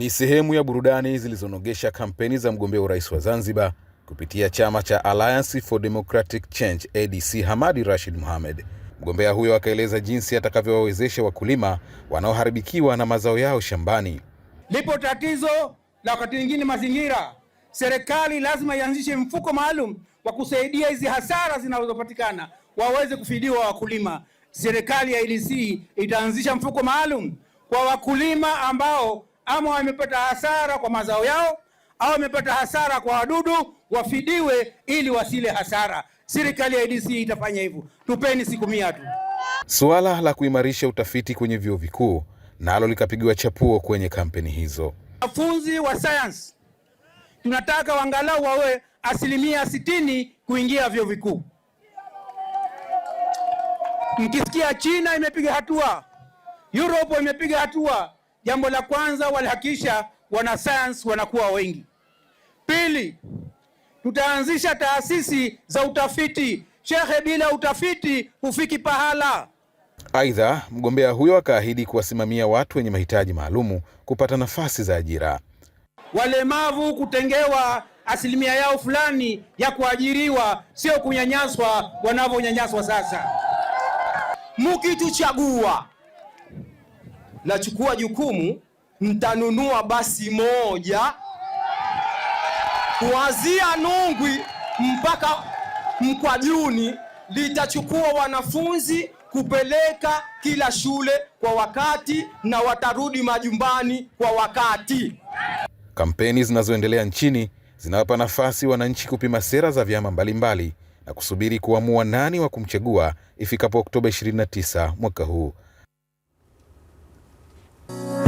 ni sehemu ya burudani zilizonogesha kampeni za mgombea urais wa Zanzibar kupitia chama cha Alliance for Democratic Change ADC Hamadi Rashid Mohamed. Mgombea huyo akaeleza jinsi atakavyowawezesha wakulima wanaoharibikiwa na mazao yao shambani. Lipo tatizo la wakati mwingine mazingira, serikali lazima ianzishe mfuko maalum wa kusaidia hizi hasara zinazopatikana waweze kufidiwa wakulima. Serikali ya ADC itaanzisha mfuko maalum kwa wakulima ambao ama wamepata hasara kwa mazao yao au wamepata hasara kwa wadudu, wafidiwe ili wasile hasara. Serikali ya IDC itafanya hivyo. Tupeni siku mia tu. Suala la kuimarisha utafiti kwenye vyuo vikuu nalo likapigiwa chapuo kwenye kampeni hizo. Wanafunzi wa sayansi tunataka wangalau wawe asilimia sitini kuingia vyuo vikuu. Mkisikia China imepiga hatua, Europe imepiga hatua, Jambo la kwanza, walihakikisha science wanakuwa wengi. Pili, tutaanzisha taasisi za utafiti. shehe bila utafiti hufiki pahala. Aidha, mgombea huyo akaahidi kuwasimamia watu wenye mahitaji maalumu kupata nafasi za ajira, walemavu kutengewa asilimia yao fulani ya kuajiriwa, sio kunyanyaswa wanavyonyanyaswa sasa. Mkituchagua nachukua jukumu, mtanunua basi moja kuanzia Nungwi mpaka Mkwajuni, litachukua wanafunzi kupeleka kila shule kwa wakati na watarudi majumbani kwa wakati. Kampeni zinazoendelea nchini zinawapa nafasi wananchi kupima sera za vyama mbalimbali na kusubiri kuamua nani wa kumchagua ifikapo Oktoba 29 mwaka huu. Thank you.